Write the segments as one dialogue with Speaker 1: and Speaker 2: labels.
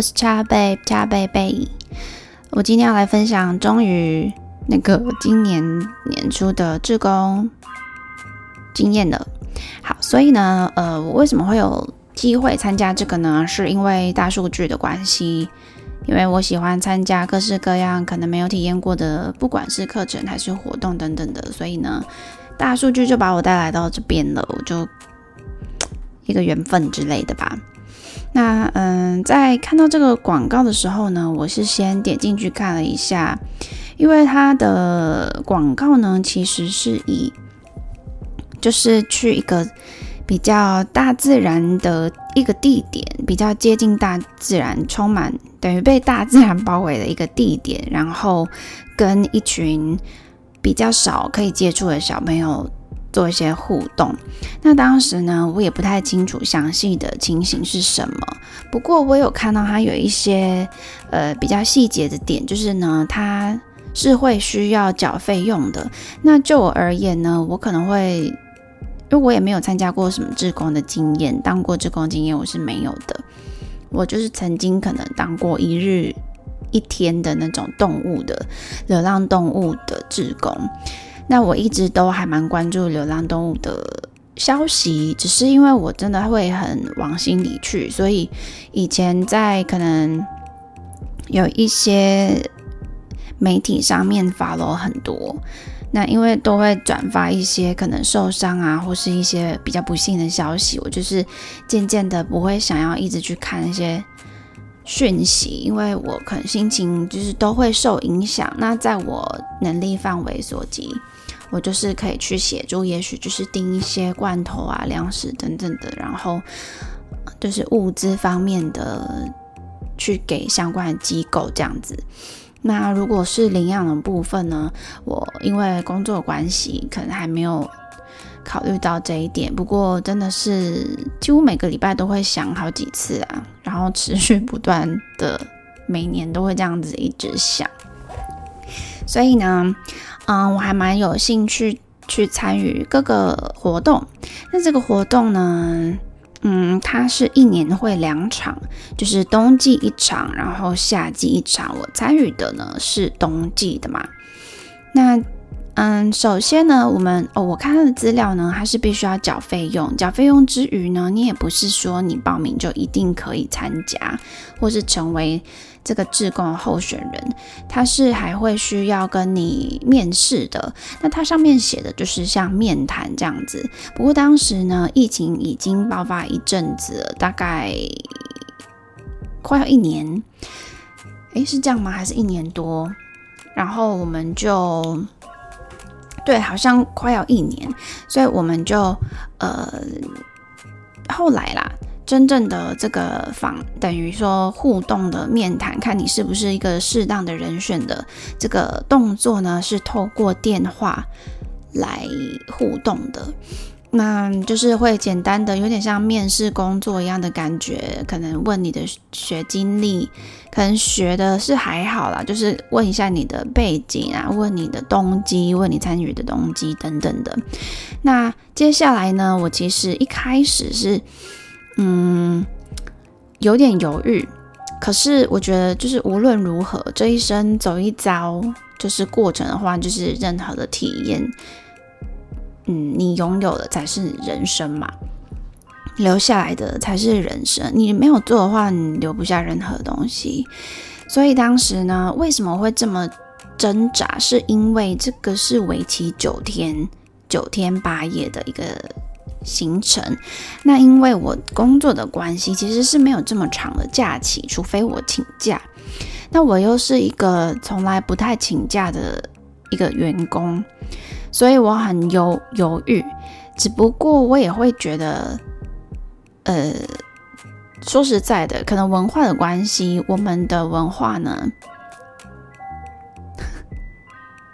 Speaker 1: 我是恰貝，恰貝貝，我今天要來分享終於那個今年年初的志工經驗了。好，所以呢，呃，我為什麼會有機會參加這個呢？是因為大數據的關係，因為我喜歡參加各式各樣可能沒有體驗過的，不管是課程還是活動等等的，所以呢，大數據就把我帶來到這邊了，我就一個緣分之類的吧。那嗯，在看到這個廣告的時候呢，我是先點進去看了一下，因為它的廣告呢，其實是以就是去一個比較大自然的一個地點，比較接近大自然，充滿等於被大自然包圍的一個地點，然後跟一群比較少可以接觸的小朋友，做一些互動，那當時呢，我也不太清楚詳細的情形是什麼，不過我有看到他有一些呃比較細節的點，就是呢，他是會需要繳費用的。那就我而言呢，我可能會，因為我也沒有參加過什麼志工的經驗，當過志工經驗我是沒有的。我就是曾經可能當過一日一天的那種動物的流浪動物的志工。那我一直都還蠻關注流浪動物的消息，只是因為我真的會很往心裡去，所以以前在可能有一些媒體上面發了很多，那因為都會轉發一些可能受傷啊或是一些比較不幸的消息，我就是漸漸的不會想要一直去看那些訊息，因為我可能心情就是都會受影響。那在我能力範圍所及，我就是可以去協助，也許就是訂一些罐頭啊、糧食等等的，然後就是物資方面的去給相關的機構這樣子。那如果是領養的部分呢，我因為工作關係可能還沒有考慮到這一點，不過真的是幾乎每個禮拜都會想好幾次啊，然後持續不斷的，每年都會這樣子一直想，所以呢。嗯，我還蠻有興趣去，去參與各個活動。那這個活動呢，嗯，它是一年會兩場，就是冬季一場，然後夏季一場。我參與的呢是冬季的嘛。那嗯，首先呢，我們哦，我看它的資料呢，它是必須要繳費用。繳費用之餘呢，你也不是說你報名就一定可以參加，或是成為。這個志工候選人，他是還會需要跟你面試的。那他上面寫的就是像面談這樣子。不過當時呢，疫情已經爆發一陣子了，大概快要一年。哎，是這樣嗎？還是一年多？然後我們就對，好像快要一年，所以我們就呃後來啦。真正的這個訪，等於說互動的面談，看你是不是一個適當的人選的這個動作呢，是透過電話來互動的，那就是會簡單的有點像面試工作一樣的感覺，可能問你的學經歷，可能學的是還好啦，就是問一下你的背景啊，問你的動機，問你參與的動機等等的。那接下來呢，我其實一開始是，嗯，有點猶豫。可是我覺得，就是無論如何，這一生走一遭，就是過程的話，就是任何的體驗，嗯，你擁有的才是人生嘛，留下來的才是人生。你沒有做的話，你留不下任何東西。所以當時呢，為什麼會這麼掙扎？是因為這個是為期九天九天八夜的一個。行程，那因為我工作的關係，其實是沒有這麼長的假期，除非我請假。那我又是一個從來不太請假的一個員工，所以我很猶猶豫。只不過我也會覺得，呃，說實在的，可能文化的關係，我們的文化呢，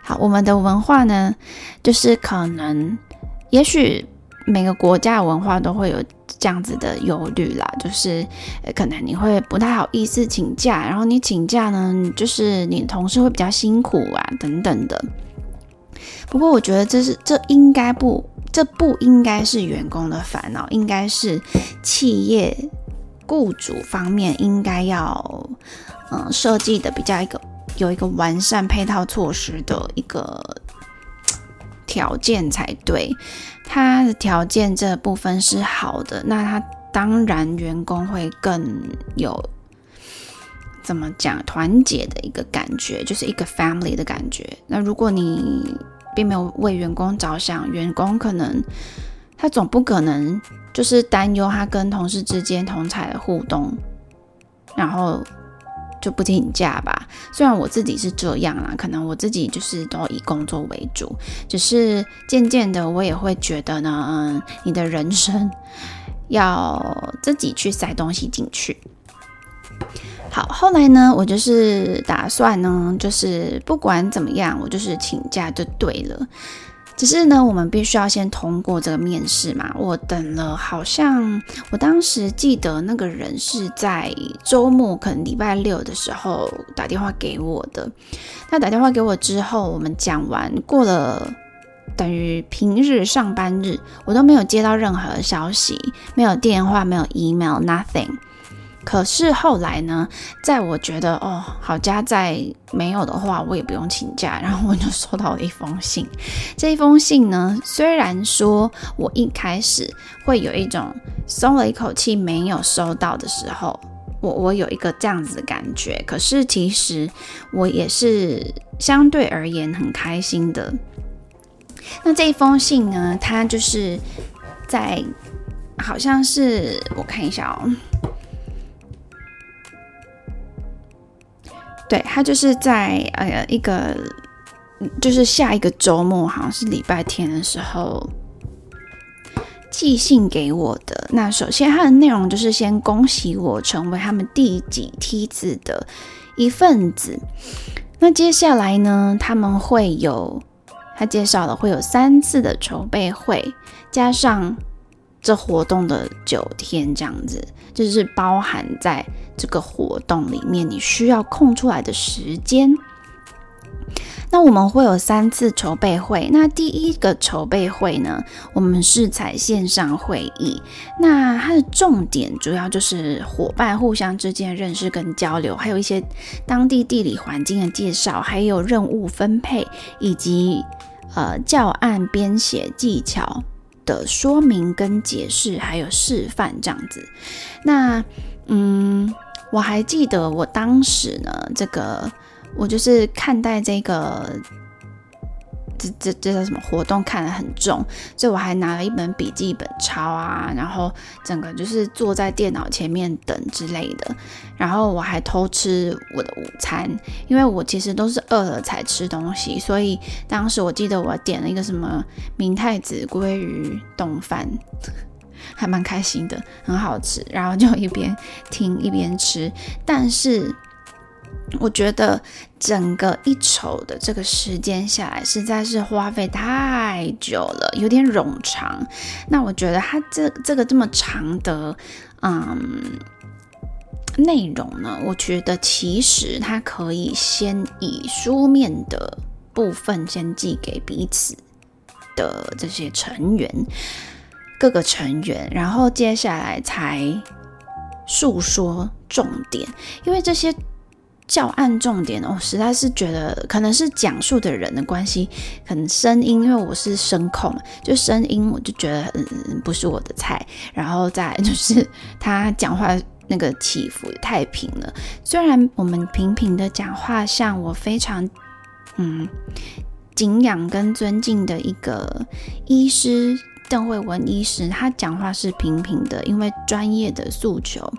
Speaker 1: 好，我們的文化呢，就是可能，也許。每個國家文化都會有這樣子的憂慮啦，就是可能你會不太好意思請假，然後你請假呢，就是你同事會比較辛苦啊，等等的。不過我覺得這是，這應該不，這不應該是員工的煩惱，應該是企業雇主方面應該要，嗯，設計的比較一個，有一個完善配套措施的一個條件才對。他的條件這部分是好的，那他當然員工會更有怎麼講，團結的一個感覺，就是一個 family 的感覺。那如果你並沒有為員工着想，員工可能他總不可能就是擔憂他跟同事之間同儕的互動，然後。就不請假吧，雖然我自己是這樣啦，可能我自己就是都以工作為主，只是漸漸的我也會覺得呢，嗯，你的人生要自己去塞東西進去。好，後來呢，我就是打算呢，就是不管怎麼樣，我就是請假就對了。只是呢，我們必須要先通過這個面試嘛。我等了，好像我當時記得那個人是在周末，可能禮拜六的時候打電話給我的。他打電話給我之後，我們講完，過了等於平日上班日，我都沒有接到任何消息，沒有電話，沒有 email，nothing。可是後來呢，在我覺得哦，好家在沒有的話，我也不用請假。然後我就收到了一封信。這一封信呢，雖然說我一開始會有一種鬆了一口氣沒有收到的時候，我我有一個這樣子的感覺。可是其實我也是相對而言很開心的。那這一封信呢，它就是在，好像是，我看一下哦。對他就是在呃一個就是下一個周末好像是禮拜天的時候寄信給我的。那首先他的內容就是先恭喜我成為他們第幾梯次的一份子。那接下來呢，他們會有他介紹了會有三次的籌備會，加上。這活動的九天這樣子，就是包含在這個活動裡面你需要空出來的時間。那我們會有三次籌備會，那第一個籌備會呢，我們是採線上會議，那它的重點主要就是夥伴互相之間的認識跟交流，還有一些當地地理環境的介紹，還有任務分配以及呃教案編寫技巧的說明跟解釋，還有示範這樣子。那嗯，我還記得我當時呢，這個我就是看待這個。這這這叫什麼活動？看得很重，所以我還拿了一本筆記本抄啊，然後整個就是坐在電腦前面等之類的。然後我還偷吃我的午餐，因為我其實都是餓了才吃東西，所以當時我記得我點了一個什麼明太子鮭魚凍飯，還蠻開心的，很好吃。然後就一邊聽一邊吃，但是。我覺得整個一週的這個時間下來，實在是花費太久了，有點冗長。那我覺得他這這個這麼長的，嗯，內容呢，我覺得其實他可以先以書面的部分先寄給彼此的這些成員，各個成員，然後接下來才訴說重點，因為這些。教案重點哦，我實在是覺得可能是講述的人的關係，可能聲音，因為我是聲控，就聲音我就覺得很、嗯、不是我的菜。然後再就是他講話那個起伏也太平了。雖然我們平平的講話，像我非常嗯敬仰跟尊敬的一個醫師鄧惠文醫師，他講話是平平的，因為專業的訴求。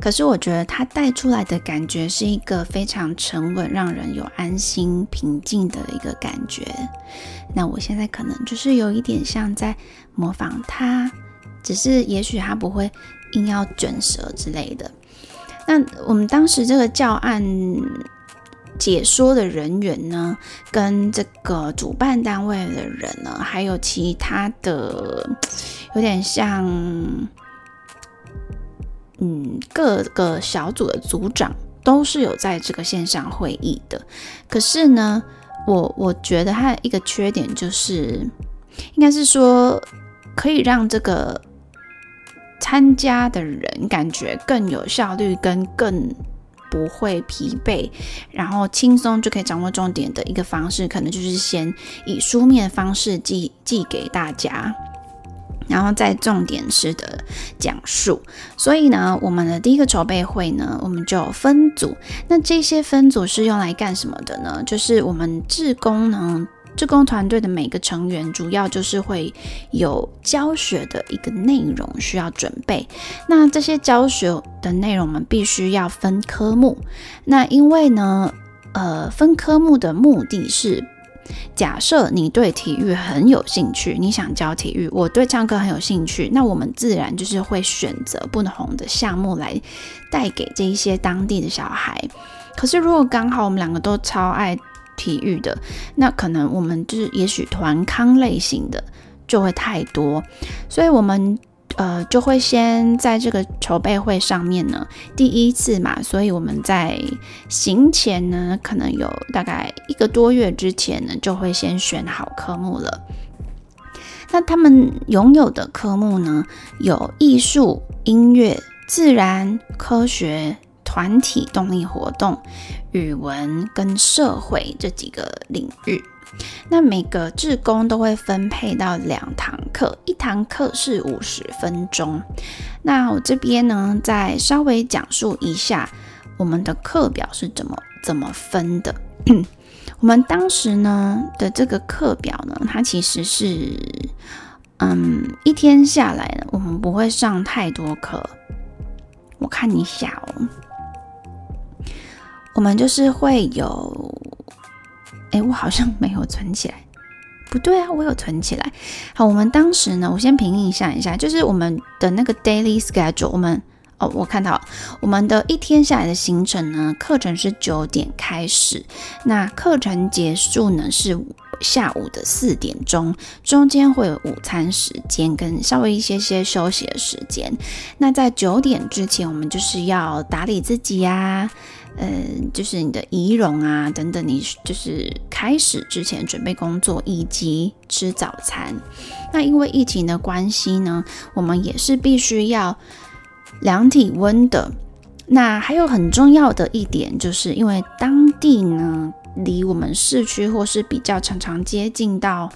Speaker 1: 可是我覺得他帶出來的感覺是一個非常沉穩，讓人有安心、平靜的一個感覺。那我現在可能就是有一點像在模仿他，只是也許他不會硬要卷舌之類的。那我們當時這個教案解說的人員呢，跟這個主辦單位的人呢，還有其他的，有點像。嗯，各個小組的組長都是有在這個線上會議的。可是呢，我我覺得它的一個缺點就是，應該是說可以讓這個參加的人感覺更有效率，跟更不會疲憊，然後輕鬆就可以掌握重點的一個方式，可能就是先以書面方式寄寄給大家。然後再重點式的講述，所以呢，我們的第一個籌備會呢，我們就分組。那這些分組是用來幹什麼的呢？就是我們志工呢，志工團隊的每個成員，主要就是會有教學的一個內容需要準備。那這些教學的內容，我們必須要分科目。那因為呢，呃，分科目的目的是。假設你對體育很有興趣，你想教體育；我對唱歌很有興趣，那我們自然就是會選擇不同的項目來帶給這一些當地的小孩。可是，如果剛好我們兩個都超愛體育的，那可能我們就是也許團康類型的就會太多，所以我們。呃，就會先在這個籌備會上面呢，第一次嘛，所以我們在行前呢，可能有大概一個多月之前呢，就會先選好科目了。那他們擁有的科目呢，有藝術、音樂、自然科學、團體動力活動、語文跟社會這幾個領域。那每個志工都會分配到兩堂課，一堂課是五十分鐘。那我這邊呢，再稍微講述一下我們的課表是怎麼怎麼分的。 我們當時呢的這個課表呢，它其實是，嗯，一天下來呢，我們不會上太多課。我看一下哦，我們就是會有。哎，我好像沒有存起來，不對啊，我有存起來。好，我們當時呢，我先評一下一下，就是我們的那個 daily schedule，我們哦，我看到我們的一天下來的行程呢，課程是九點開始，那課程結束呢，是午下午的四點鐘，中間會有午餐時間跟稍微一些些休息的時間。那在九點之前，我們就是要打理自己呀、啊。嗯、呃，就是你的儀容啊，等等，你就是開始之前準備工作以及吃早餐。那因為疫情的關係呢，我們也是必須要量體溫的。那還有很重要的一點，就是因為當地呢，離我們市區或是比較常常接近到，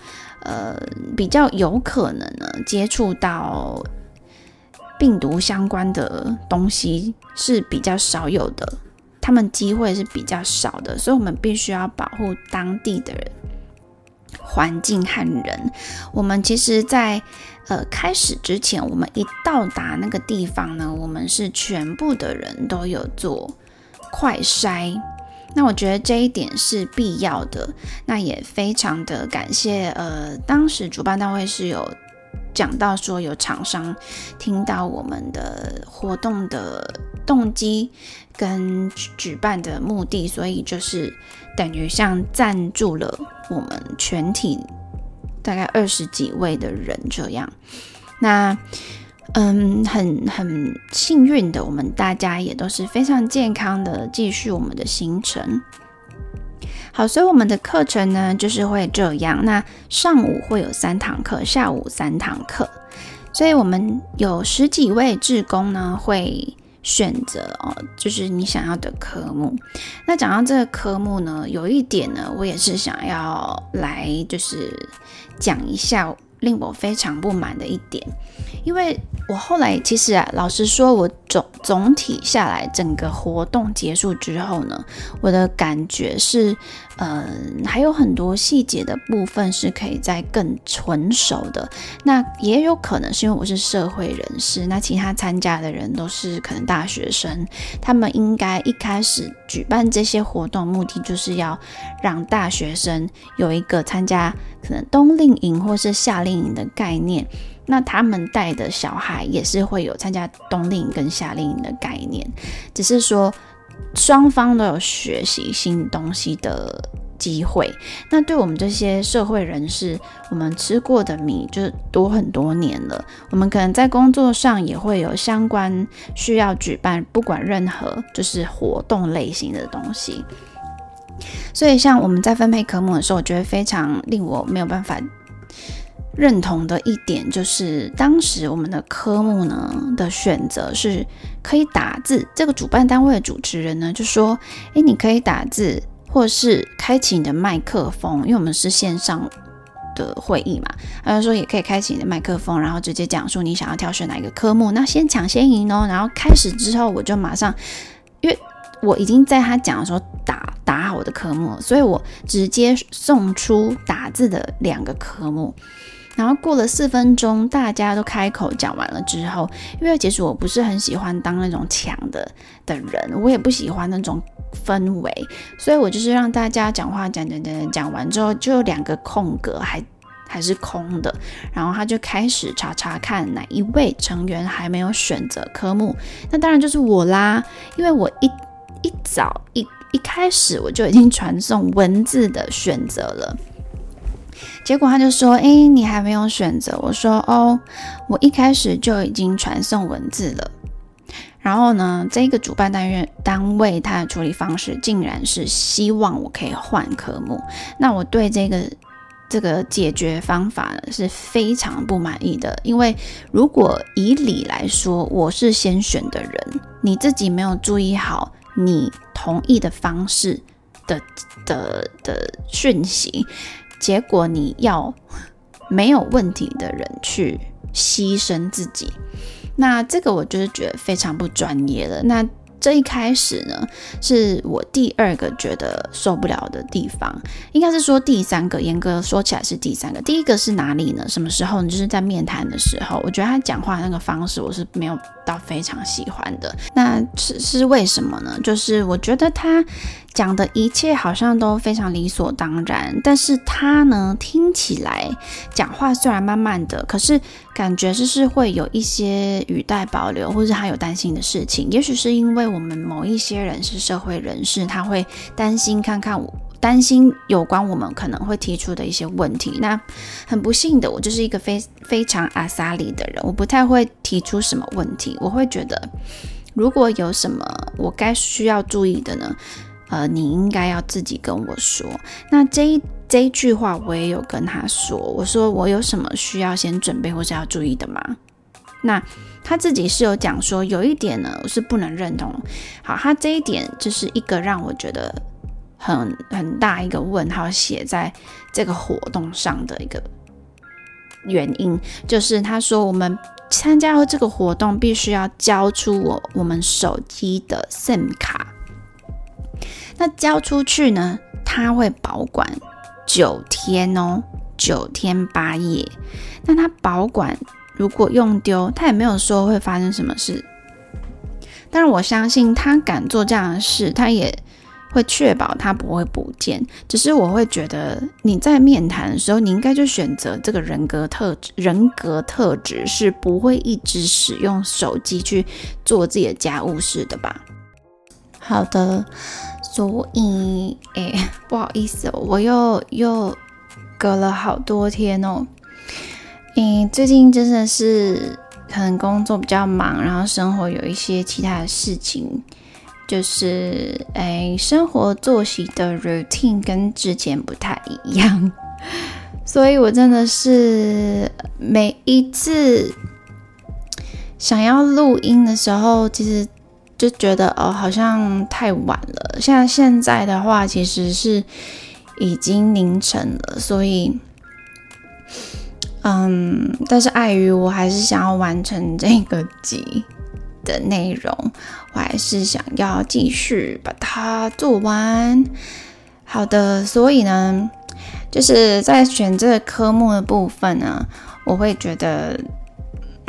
Speaker 1: 呃，比較有可能呢接觸到病毒相關的東西是比較少有的。他們機會是比較少的，所以我們必須要保護當地的人、環境和人。我們其實在呃開始之前，我們一到達那個地方呢，我們是全部的人都有做快篩。那我覺得這一點是必要的，那也非常的感謝。呃，當時主辦單位是有講到說有廠商聽到我們的活動的。動機跟舉辦的目的，所以就是等於像贊助了我們全體大概二十幾位的人這樣。那嗯，很很幸運的，我們大家也都是非常健康的，繼續我們的行程。好，所以我們的課程呢，就是會這樣。那上午會有三堂課，下午三堂課，所以我們有十幾位志工呢會。選擇哦，就是你想要的科目。那講到這個科目呢，有一點呢，我也是想要來就是講一下令我非常不滿的一點，因為我後來其實啊，老實說，我總總體下來整個活動結束之後呢，我的感覺是。嗯，還有很多細節的部分是可以再更純熟的。那也有可能是因為我是社會人士，那其他參加的人都是可能大學生，他們應該一開始舉辦這些活動的目的就是要讓大學生有一個參加可能冬令營或是夏令營的概念。那他們帶的小孩也是會有參加冬令營跟夏令營的概念，只是說。雙方都有學習新東西的機會。那對我們這些社會人士，我們吃過的米就是多很多年了。我們可能在工作上也會有相關需要舉辦，不管任何就是活動類型的東西。所以，像我們在分配科目的時候，我覺得非常令我沒有辦法認同的一點，就是當時我們的科目呢的選擇是。可以打字，這個主辦單位的主持人呢就說：“哎，你可以打字，或是開啟你的麥克風，因為我們是線上的會議嘛。”他就說也可以開啟你的麥克風，然後直接講述你想要挑選哪一個科目。那先搶先贏哦！然後開始之後，我就馬上，因為我已經在他講的時候打打好我的科目，所以我直接送出打字的兩個科目。然後過了四分鐘，大家都開口講完了之後，因為其實我不是很喜歡當那種搶的的人，我也不喜歡那種氛圍，所以我就是讓大家講話講講講講，講完之後就有兩個空格還還是空的，然後他就開始查查看哪一位成員還沒有選擇科目，那當然就是我啦，因為我一一早一一開始我就已經傳送文字的選擇了。結果他就說：“哎、欸，你還沒有選擇。”我說：“哦，我一開始就已經傳送文字了。”然後呢，這個主辦單元單位他的處理方式竟然是希望我可以換科目。那我對這個這個解決方法是非常不滿意的，因為如果以理來說，我是先選的人，你自己沒有注意好你同意的方式的的的訊息。結果你要沒有問題的人去犧牲自己，那這個我就是覺得非常不專業的。那這一開始呢，是我第二個覺得受不了的地方，應該是說第三個，嚴格說起來是第三個。第一個是哪裡呢？什麼時候？你就是在面談的時候，我覺得他講話那個方式我是沒有到非常喜歡的。那是是為什麼呢？就是我覺得他。講的一切好像都非常理所當然，但是他呢，聽起來講話雖然慢慢的，可是感覺就是會有一些語帶保留，或是他有擔心的事情。也許是因為我們某一些人是社會人士，他會擔心看看我，擔心有關我們可能會提出的一些問題。那很不幸的，我就是一個非非常阿莎力的人，我不太會提出什麼問題，我會覺得如果有什麼我該需要注意的呢？呃，你應該要自己跟我說。那這一這一句話，我也有跟他說，我說我有什麼需要先準備或是要注意的嗎？那他自己是有講說，有一點呢，我是不能認同。好，他這一點就是一個讓我覺得很很大一個問號，寫在這個活動上的一個原因，就是他說我們參加了這個活動必須要交出我我們手機的 SIM 卡。那交出去呢？他會保管九天哦，九天八夜。那他保管，如果用丟，他也沒有說會發生什麼事。但是我相信他敢做這樣的事，他也會確保他不會不見。只是我會覺得你在面談的時候，你應該就選擇這個人格特質，人格特質是不會一直使用手機去做自己的家務事的吧？好的。所以，欸，不好意思喔，我又又隔了好多天喔。嗯，欸，最近真的是可能工作比較忙，然後生活有一些其他的事情，就是欸，生活作息的 routine 跟之前不太一樣，所以我真的是每一次想要錄音的時候，其實。就覺得哦，好像太晚了。像現在的話，其實是已經凌晨了，所以，嗯，但是礙於我還是想要完成這個集的內容，我還是想要繼續把它做完。好的，所以呢，就是在選這個科目的部分呢，我會覺得。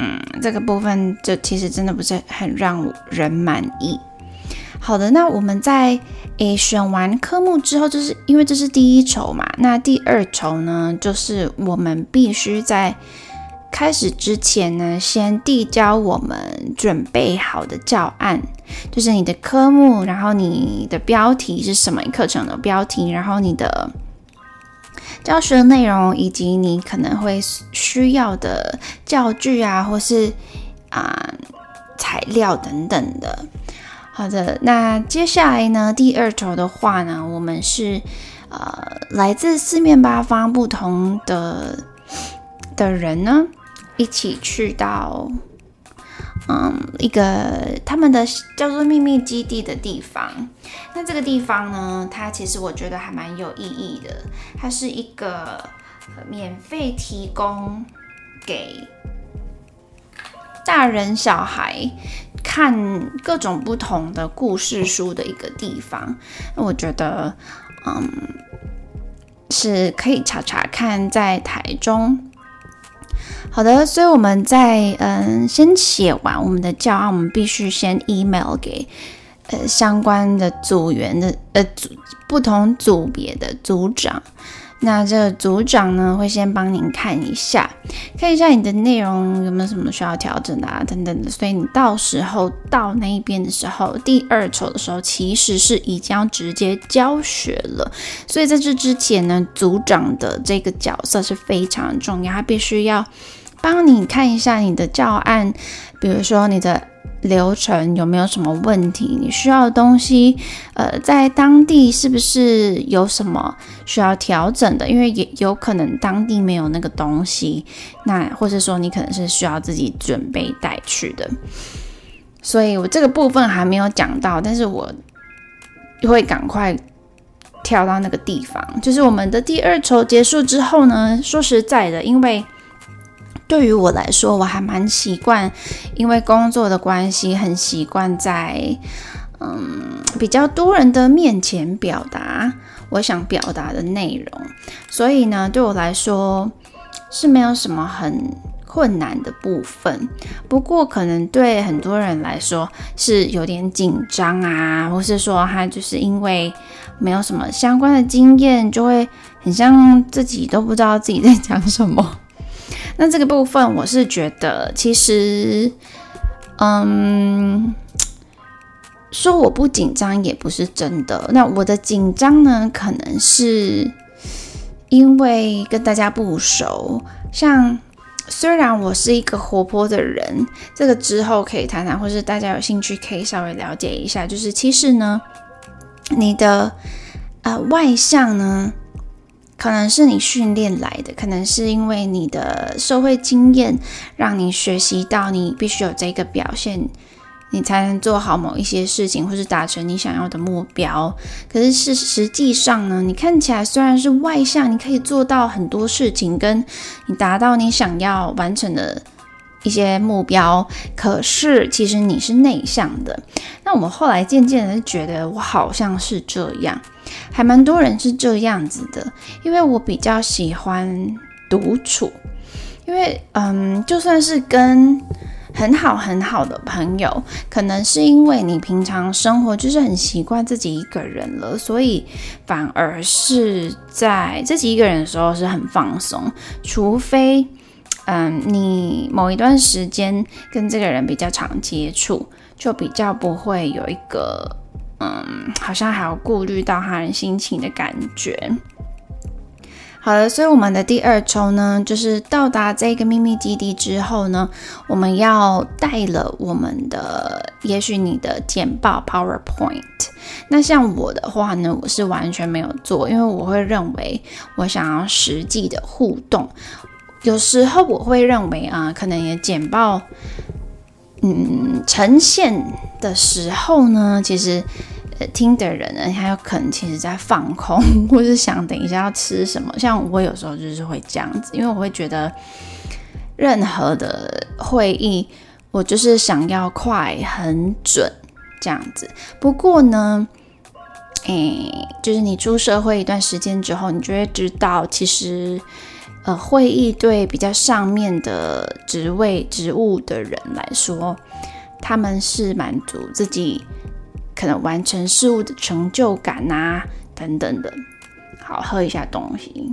Speaker 1: 嗯，這個部分就其實真的不是很讓人滿意。好的，那我們在誒選完科目之後，就是因為這是第一籌嘛。那第二籌呢，就是我們必須在開始之前呢，先遞交我們準備好的教案，就是你的科目，然後你的標題是什麼課程的標題，然後你的。教學內容以及你可能會需要的教具啊，或是啊、呃、材料等等的。好的，那接下來呢，第二周的話呢，我們是呃來自四面八方不同的的人呢，一起去到。嗯，一個他們的叫做秘密基地的地方。那這個地方呢，它其實我覺得還蠻有意義的。它是一個免費提供給大人小孩看各種不同的故事書的一個地方。我覺得，嗯，是可以查查看在台中。好的，所以我們在嗯，先寫完我們的教案，我們必須先 email 給呃相關的組員的呃組不同組別的組長。那這個組長呢，會先幫您看一下，看一下你的內容有沒有什麼需要調整的、啊、等等的，所以你到時候到那一邊的時候，第二週的時候，其實是已經要直接教學了，所以在這之前呢，組長的這個角色是非常重要，他必須要幫你看一下你的教案，比如說你的。流程有沒有什麼問題？你需要的東西，呃，在當地是不是有什麼需要調整的？因為也有可能當地沒有那個東西，那或是說你可能是需要自己準備帶去的。所以我這個部分還沒有講到，但是我會趕快跳到那個地方。就是我們的第二籌結束之後呢，說實在的，因為。對於我來說，我還蠻習慣，因為工作的關係，很習慣在嗯比較多人的面前表達我想表達的內容，所以呢，對我來說是沒有什麼很困難的部分。不過，可能對很多人來說是有點緊張啊，或是說他就是因為沒有什麼相關的經驗，就會很像自己都不知道自己在講什麼。那這個部分，我是覺得其實，嗯，說我不緊張也不是真的。那我的緊張呢，可能是因為跟大家不熟。像雖然我是一個活潑的人，這個之後可以談談，或是大家有興趣可以稍微了解一下。就是其實呢，你的啊，呃，外向呢。可能是你訓練來的，可能是因為你的社會經驗讓你學習到你必須有這個表現，你才能做好某一些事情，或是達成你想要的目標。可是是實實際上呢，你看起來雖然是外向，你可以做到很多事情，跟你達到你想要完成的一些目標。可是其實你是內向的。那我們後來漸漸的覺得，我好像是這樣。還蠻多人是這樣子的，因為我比較喜歡獨處，因為嗯，就算是跟很好很好的朋友，可能是因為你平常生活就是很習慣自己一個人了，所以反而是在自己一個人的時候是很放鬆，除非，嗯，你某一段時間跟這個人比較常接觸，就比較不會有一個。嗯，好像還要顧慮到他人心情的感覺。好了，所以我們的第二周呢，就是到達這個秘密基地之後呢，我們要帶了我們的，也許你的簡報 PowerPoint。那像我的話呢，我是完全沒有做，因為我會認為我想要實際的互動。有時候我會認為啊，可能也簡報。嗯，呈現的時候呢，其實聽的人呢，他有可能其實在放空，或是想等一下要吃什麼。像我有時候就是會這樣子，因為我會覺得任何的會議，我就是想要快、很準這樣子。不過呢，哎、欸，就是你出社會一段時間之後，你就會知道，其實。呃，會議對比較上面的職位職務的人來說，他們是滿足自己可能完成事務的成就感啊、等等的。好，喝一下東西。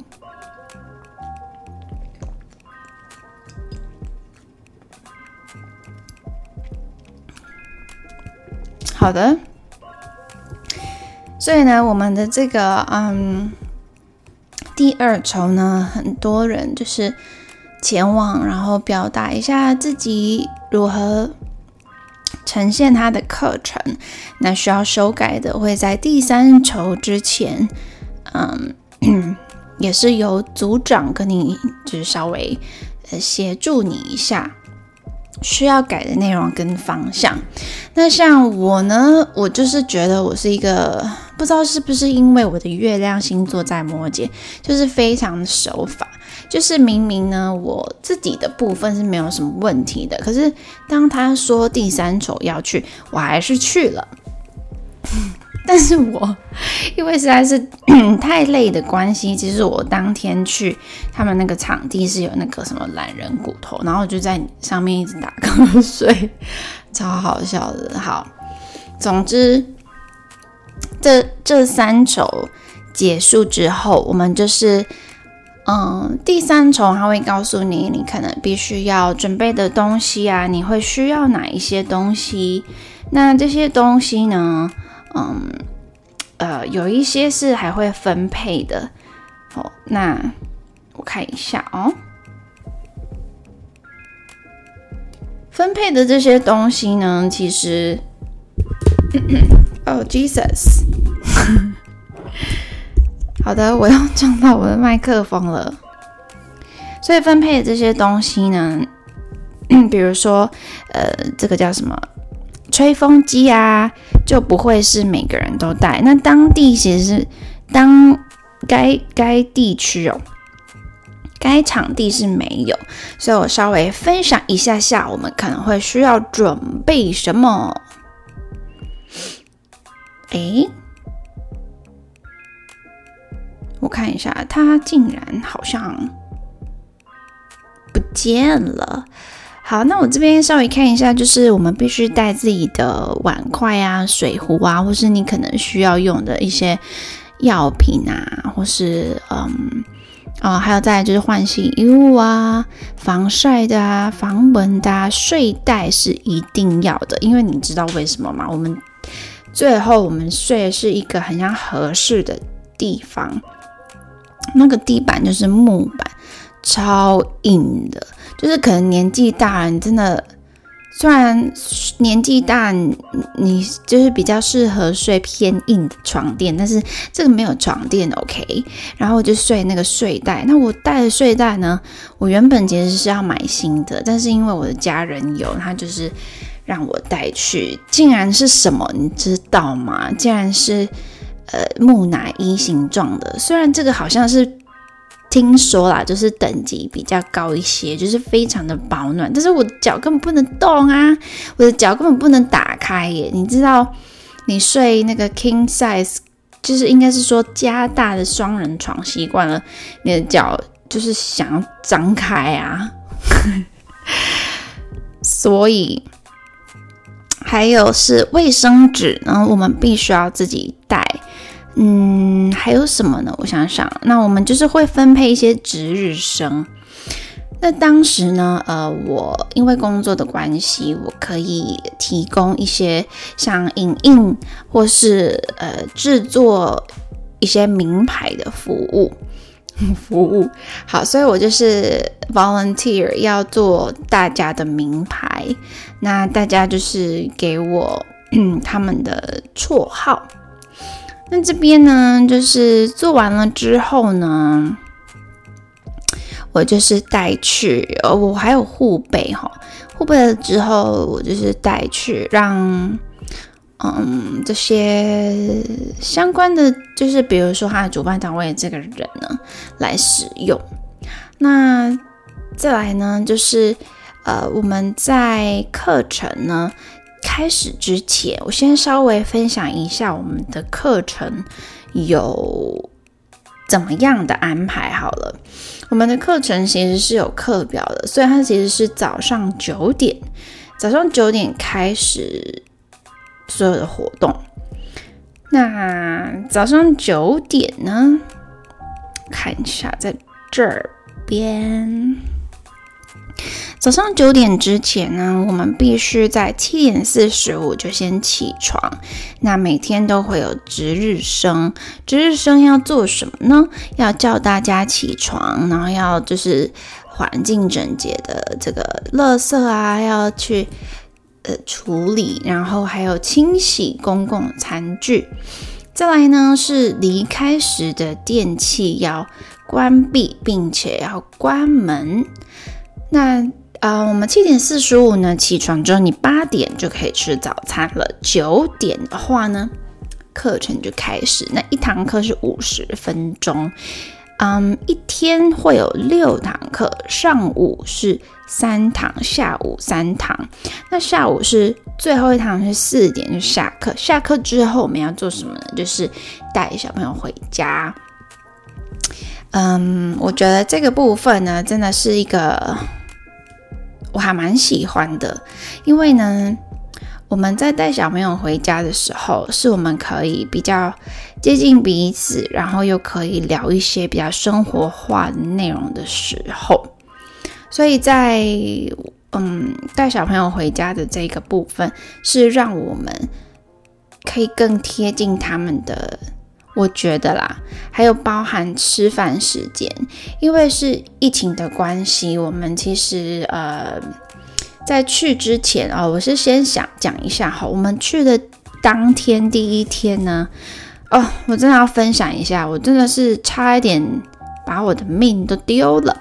Speaker 1: 好的。所以呢，我們的這個，嗯。第二籌呢，很多人就是前往，然後表達一下自己如何呈現他的課程。那需要修改的會在第三籌之前，嗯，也是由組長跟你就是稍微呃協助你一下。需要改的內容跟方向。那像我呢，我就是覺得我是一個，不知道是不是因為我的月亮星座在摩羯，就是非常的守法。就是明明呢，我自己的部分是沒有什麼問題的，可是當他說第三組要去，我還是去了。 但是我因為實在是太累的關係，其實我當天去他們那個場地是有那個什麼懶人骨頭，然後我就在上面一直打瞌睡，超好笑的。好，總之這這三籌結束之後，我們就是嗯，第三籌他會告訴你，你可能必須要準備的東西啊，你會需要哪一些東西。那這些東西呢？嗯，um, 呃，有一些是還會分配的。好、oh,，那我看一下哦。分配的這些東西呢，其實……哦、 oh,，Jesus， 好的，我要撞到我的麥克風了。所以分配的這些東西呢， 比如說，呃，這個叫什麼？吹風機啊，就不會是每個人都帶。那當地其實是當該該地區哦，該場地是沒有，所以我稍微分享一下下，我們可能會需要準備什麼？誒，我看一下，它竟然好像不見了。好，那我這邊稍微看一下，就是我們必須帶自己的碗筷啊、水壺啊，或是你可能需要用的一些藥品啊，或是嗯啊、哦，還有再來就是換洗衣物啊、防曬的啊、防蚊的、啊、睡袋是一定要的，因為你知道為什麼嗎？我們最後我們睡的是一個很像合適的地方，那個地板就是木板。超硬的，就是可能年紀大，你真的雖然年紀大，你就是比較適合睡偏硬的床墊，但是這個沒有床墊，OK，然後我就睡那個睡袋。那我帶的睡袋呢？我原本其實是要買新的，但是因為我的家人有，他就是讓我帶去，竟然是什麼？你知道嗎？竟然是呃，木乃伊形狀的。雖然這個好像是。聽說啦，就是等級比較高一些，就是非常的保暖。但是我的腳根本不能動啊，我的腳根本不能打開耶。你知道，你睡那個 king size，就是應該是說加大的雙人床，習慣了，你的腳就是想要張開啊。 所以，還有是衛生紙呢，然後我們必須要自己帶。嗯，還有什麼呢？我想想，那我們就是會分配一些值日生。那當時呢，呃，我因為工作的關係，我可以提供一些像影印或是呃製作一些名牌的服務。 服務。好，所以我就是 volunteer 要做大家的名牌。那大家就是給我、嗯、他們的綽號。那這邊呢，就是做完了之後呢，我就是帶去，呃，我還有護貝吼，哈，護貝了之後，我就是帶去讓，嗯，這些相關的，就是比如說他的主辦單位這個人呢，來使用。那再來呢，就是呃，我們在課程呢。開始之前，我先稍微分享一下我們的課程有怎麼樣的安排好了。我們的課程其實是有課表的，所以它其實是早上九點，早上九點開始所有的活動。那早上九點呢，看一下在這邊。早上九點之前呢，我們必須在七點四十五就先起床。那每天都會有值日生，值日生要做什麼？呢？要叫大家起床，然後要就是環境整潔的這個垃圾啊要去呃處理，然後還有清洗公共餐具。再來呢，是離開時的電器要關閉，並且要關門。那呃，我們七點四十五呢起床之後，你八點就可以吃早餐了。九點的話呢，課程就開始。那一堂課是五十分鐘，嗯，一天會有六堂課，上午是三堂，下午三堂。那下午是最後一堂，是四點就下課。下課之後我們要做什麼呢？就是帶小朋友回家。嗯，我覺得這個部分呢，真的是一個。我還蠻喜歡的，因為呢，我們在帶小朋友回家的時候，是我們可以比較接近彼此，然後又可以聊一些比較生活化的內容的時候，所以在，嗯，帶小朋友回家的這個部分，是讓我們可以更貼近他們的。我覺得啦，還有包含吃飯時間，因為是疫情的關係，我們其實呃，在去之前啊，哦，我是先想講一下哈，我們去的當天第一天呢，哦，我真的要分享一下，我真的是差一點把我的命都丟了，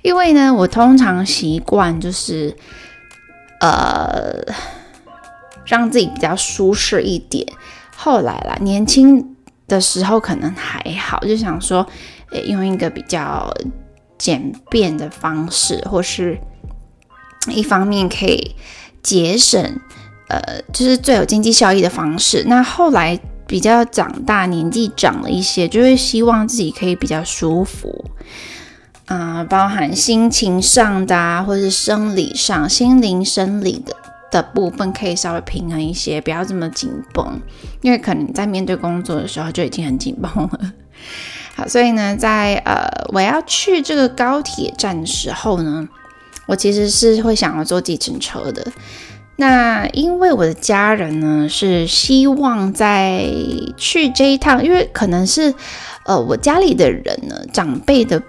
Speaker 1: 因為呢，我通常習慣就是呃，讓自己比較舒適一點。後來啦，年輕的時候可能還好，就想說、欸，用一個比較簡便的方式，或是一方面可以節省，呃，就是最有經濟效益的方式。那後來比較長大，年紀長了一些，就會希望自己可以比較舒服，啊、呃，包含心情上的、啊，或是生理上、心靈、生理的。的部分可以稍微平衡一些，不要這麼緊繃，因為可能在面對工作的時候就已經很緊繃了。好，所以呢，在呃我要去這個高鐵站的時候呢，我其實是會想要坐計程車的。那因為我的家人呢，是希望在去這一趟，因為可能是呃我家裡的人呢，長輩的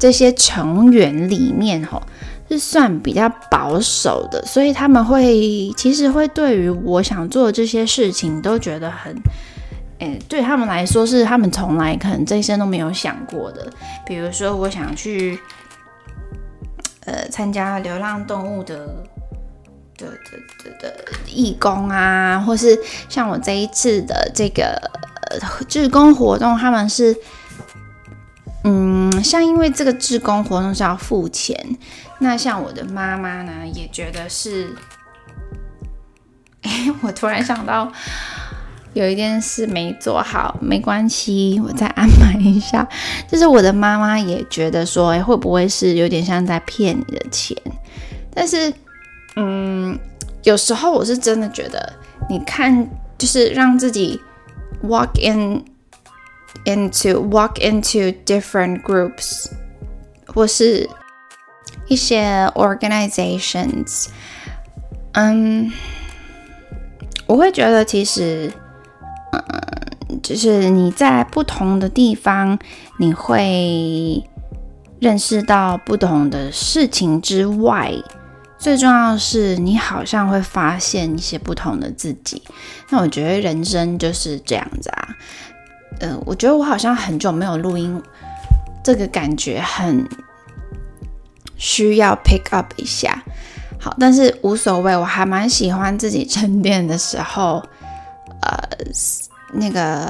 Speaker 1: 這些成員裡面吼。是算比較保守的，所以他們會其實會對於我想做這些事情都覺得很，欸，對他們來說是他們從來可能這一生都沒有想過的。比如說，我想去，呃，參加流浪動物的的的的的的義工啊，或是像我這一次的這個呃志工活動，他們是。嗯，像因為這個志工活動是要付錢，那像我的媽媽呢，也覺得是，欸，我突然想到有一件事沒做好，沒關係，我再安排一下。就是我的媽媽也覺得說，哎、欸，會不會是有點像在騙你的錢？但是，嗯，有時候我是真的覺得，你看，就是讓自己 walk in。into walk into different groups，或是一些 organizations，嗯，um, 我會覺得其實，嗯，就是你在不同的地方，你會認識到不同的事情之外，最重要是你好像會發現一些不同的自己。那我覺得人生就是這樣子啊。嗯，我覺得我好像很久沒有錄音，這個感覺很需要 pick up 一下。好，但是無所謂，我還蠻喜歡自己沉澱的時候，呃，那個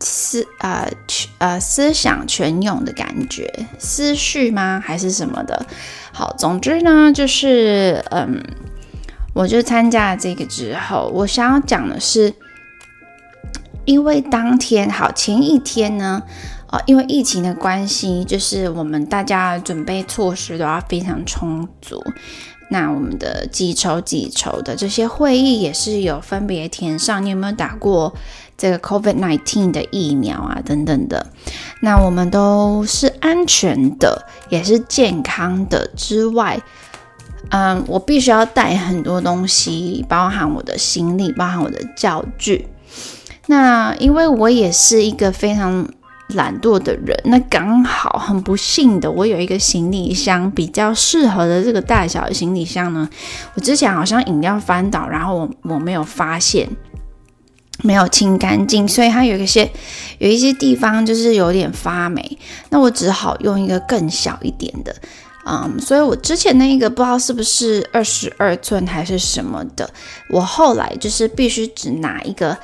Speaker 1: 思呃呃思想泉湧的感覺，思緒嗎？還是什麼的？好，總之呢，就是嗯，我就參加了這個之後，我想要講的是。因為當天好，前一天呢，啊、呃，因為疫情的關係，就是我們大家準備措施都要非常充足。那我們的幾籌幾籌的這些會議也是有分別填上，你有沒有打過這個 COVID nineteen 的疫苗啊？等等的。那我們都是安全的，也是健康的之外，嗯，我必須要帶很多東西，包含我的行李，包含我的教具。那因為我也是一個非常懶惰的人，那剛好很不幸的，我有一個行李箱比較適合的這個大小的行李箱呢。我之前好像飲料翻倒，然後我我沒有發現，沒有清乾淨，所以它有一些有一些地方就是有點發霉。那我只好用一個更小一點的，嗯，所以我之前那個不知道是不是二十二寸還是什麼的，我後來就是必須只拿一個。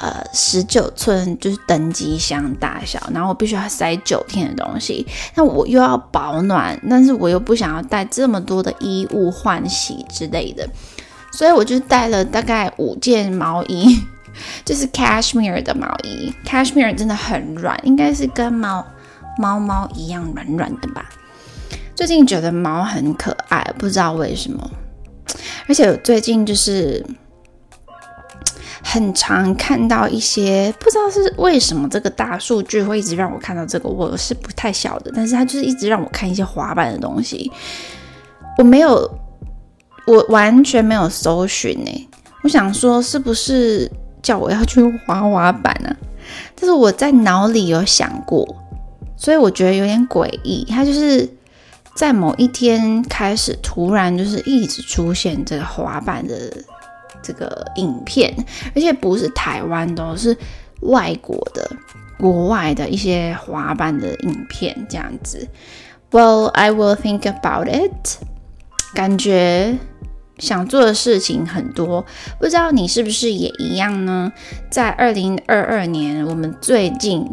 Speaker 1: 呃，十九寸就是登機箱大小，然後我必須要塞九天的東西。那我又要保暖，但是我又不想要帶這麼多的衣物、換洗之類的，所以我就帶了大概五件毛衣，就是 cashmere 的毛衣。cashmere 真的很軟，應該是跟貓貓貓一樣軟軟的吧。最近覺得貓很可愛，不知道為什麼，而且我最近就是。很常看到一些不知道是為什麼，這個大數據會一直讓我看到這個，我是不太曉得。但是他就是一直讓我看一些滑板的東西，我沒有，我完全沒有搜尋呢。我想說，是不是叫我要去滑滑板呢？但是我在腦裡有想過，所以我覺得有點詭異。他就是在某一天開始，突然就是一直出現這個滑板的。這個影片，而且不是台灣的哦，是外國的、國外的一些滑板的影片這樣子。Well, I will think about it。感覺想做的事情很多，不知道你是不是也一樣呢？在二零二二年，我們最近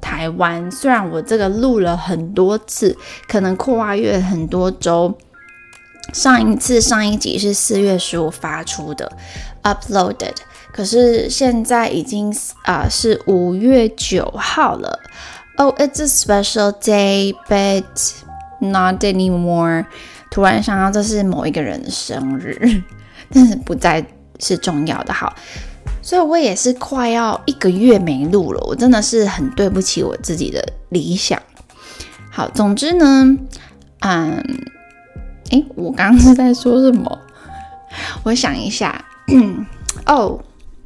Speaker 1: 台灣，雖然我這個錄了很多次，可能跨越很多周上一次上一集是四月十五發出的，uploaded，可是現在已經啊、呃、是五月九號了。Oh, it's a special day, but not anymore。突然想到這是某一個人的生日，但是不再是重要的，好。所以我也是快要一個月沒錄了，我真的是很對不起我自己的理想。好，總之呢，嗯。誒，我剛剛是在說什麼？我想一下，哦，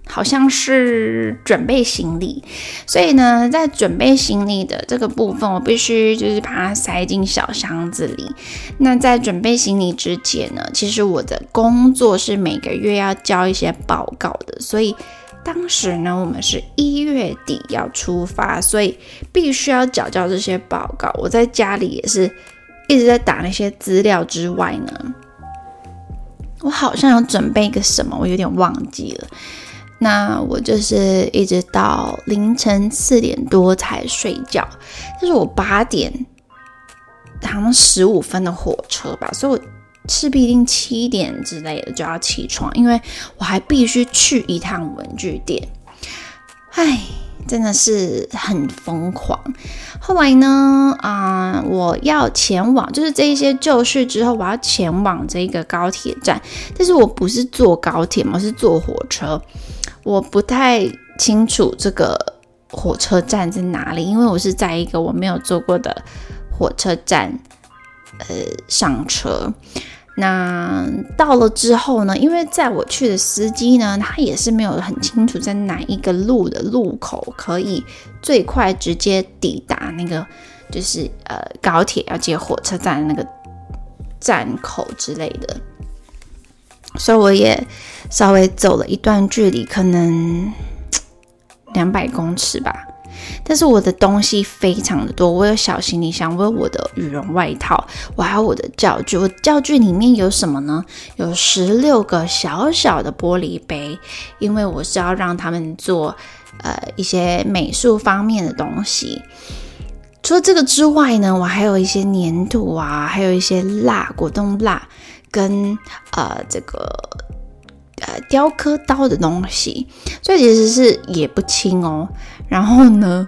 Speaker 1: 好像是準備行李。所以呢，在準備行李的這個部分，我必須就是把它塞進小箱子裡。那在準備行李之前呢，其實我的工作是每個月要交一些報告的。所以當時呢，我們是一月底要出發，所以必須要繳交這些報告。我在家裡也是。一直在打那些資料之外呢，我好像有準備一個什麼，我有點忘記了。那我就是一直到凌晨四點多才睡覺，但是我八點，好像十五分的火車吧，所以我勢必定七點之類的就要起床，因為我還必須去一趟文具店。唉。真的是很瘋狂。後來呢？啊、呃，我要前往，就是這一些舊事之後，我要前往這個高鐵站。但是我不是坐高鐵，我是坐火車。我不太清楚這個火車站在哪裡，因為我是在一個我沒有坐過的火車站，呃，上車。那到了之後呢，因為載我去的司機呢，他也是沒有很清楚在哪一個路的路口可以最快直接抵達那個，就是呃高鐵要接火車站那個站口之類的，所以我也稍微走了一段距離，可能兩百公尺吧。但是我的東西非常的多，我有小行李箱，我有我的羽絨外套，我還有我的教具。我教具裡面有什麼呢？有十六個小小的玻璃杯，因為我是要讓他們做呃一些美術方面的東西。除了這個之外呢，我還有一些粘土啊，還有一些蠟、果凍蠟，跟呃這個呃雕刻刀的東西。所以其實是也不輕哦。然後呢，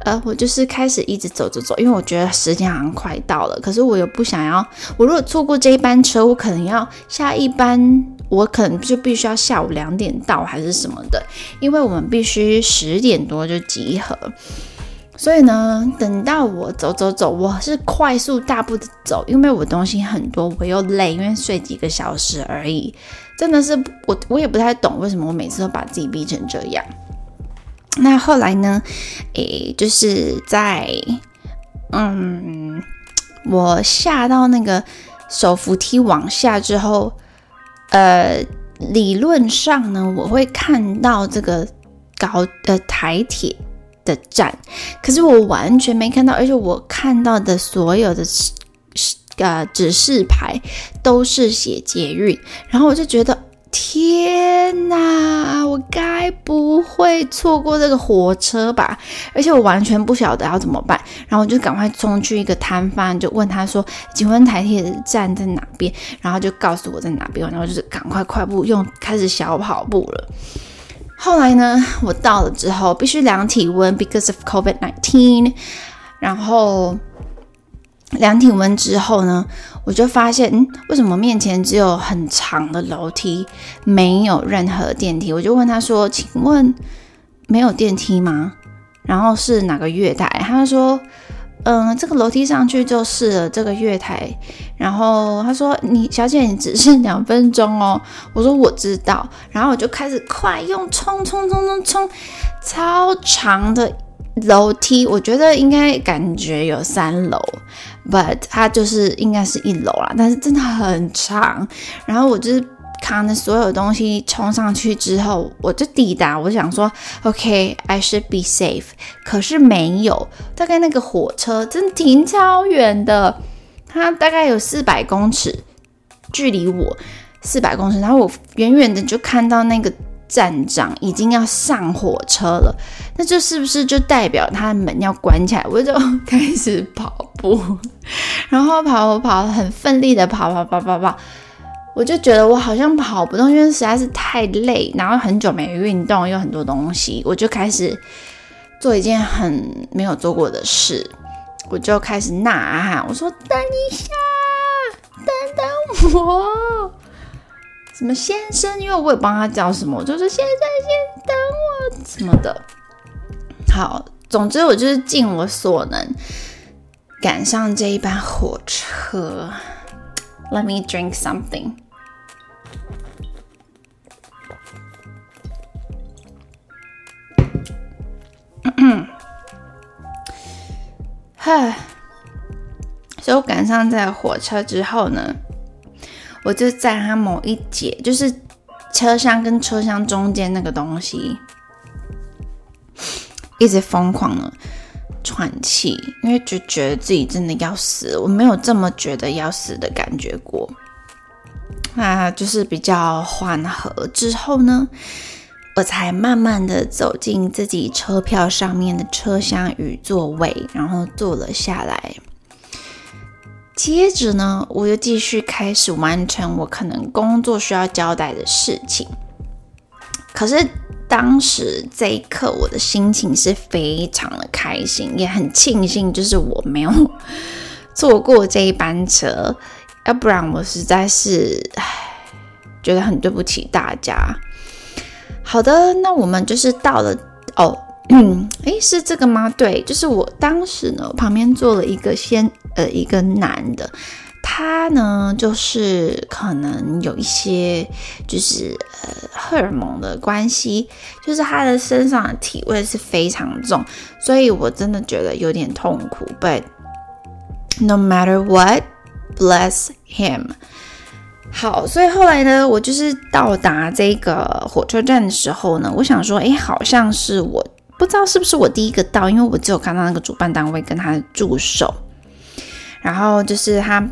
Speaker 1: 呃，我就是開始一直走走走，因為我覺得時間好像快到了，可是我又不想要，我如果錯過這一班車，我可能要下一班，我可能就必須要下午兩點到還是什麼的，因為我們必須十點多就集合。所以呢，等到我走走走，我是快速大步的走，因為我東西很多，我又累，因為睡幾個小時而已，真的是我我也不太懂為什麼我每次都把自己逼成這樣。那後來呢？誒，就是在，嗯，我下到那個手扶梯往下之後，呃，理論上呢，我會看到這個高，呃，台鐵的站，可是我完全沒看到，而且我看到的所有的示，呃，指示牌都是寫捷運，然後我就覺得。天哪！我該不會錯過這個火車吧？而且我完全不曉得要怎麼辦。然後我就趕快衝去一個攤販，就問他說：“請問台鐵站在哪邊？”然後就告訴我在哪邊，然後就是趕快快步用開始小跑步了。後來呢，我到了之後必須量體溫，because of COVID-19，然後。量體溫之後呢，我就發現，嗯，為什麼面前只有很長的樓梯，沒有任何電梯？我就問他說：“請問沒有電梯嗎？”然後是哪個月台？他說：“嗯，這個樓梯上去就是了這個月台。”然後他說：“你小姐，你只剩兩分鐘哦。”我說：“我知道。”然後我就開始快用衝衝衝衝衝，超長的。樓梯，我覺得應該感覺有三樓，but 它就是應該是一樓啦。但是真的很長，然後我就是扛着所有東西衝上去之後，我就抵達，我想說，OK，I should be safe。可是沒有，大概那個火車真停超遠的，它大概有四百公尺距離我，四百公尺。然後我遠遠的就看到那個站長已經要上火車了。那這是不是就代表他的門要關起來？我就開始跑步，然後跑，跑跑很奮力的跑，跑，跑，跑，跑。我就覺得我好像跑不動，因為實在是太累，然後很久沒運動，有很多東西，我就開始做一件很沒有做過的事，我就開始吶喊，我說等一下，等等我，什麼先生，因為我也幫他叫什麼，我就是先生先等我什麼的。好，總之我就是盡我所能趕上這一班火車。Let me drink something。咳，所以，我趕上這火車之後呢，我就在它某一節，就是車廂跟車廂中間那個東西。一直瘋狂的喘氣，因為就覺得自己真的要死。我沒有這麼覺得要死的感覺過。那就是比較緩和之後呢，我才慢慢的走進自己車票上面的車廂與座位，然後坐了下來。接着呢，我又繼續開始完成我可能工作需要交代的事情。可是當時這一刻，我的心情是非常的開心，也很慶幸，就是我沒有錯過這一班車，要不然我實在是唉，覺得很對不起大家。好的，那我們就是到了哦，嗯，哎，是這個嗎？對，就是我當時呢，旁邊坐了一個先呃一個男的。他呢，就是可能有一些就是呃荷爾蒙的關係，就是他的身上的體味是非常重，所以我真的覺得有點痛苦。But no matter what, bless him。好，所以後來呢，我就是到達這個火車站的時候呢，我想說，欸，好像是我不知道是不是我第一個到，因為我只有看到那個主辦單位跟他的助手，然後就是他。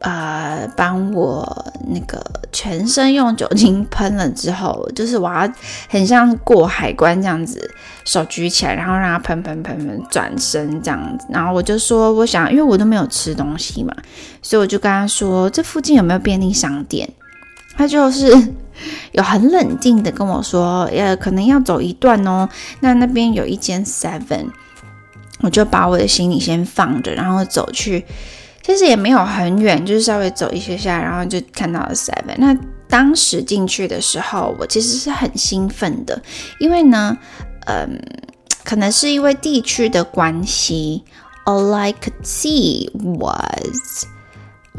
Speaker 1: 呃，幫我那個全身用酒精噴了之後，就是我要很像過海關這樣子，手舉起來，然後讓他噴噴噴噴，轉身這樣子。然後我就說，我想，因為我都沒有吃東西嘛，所以我就跟他說，這附近有沒有便利商店？他就是有很冷靜的跟我說，呃，可能要走一段哦。那那邊有一間 Seven，我就把我的行李先放着，然後走去。其實也沒有很遠，就是稍微走一些下，然後就看到了 Seven。那當時進去的時候，我其實是很興奮的，因為呢，嗯，可能是因為地區的關係，All I could see was，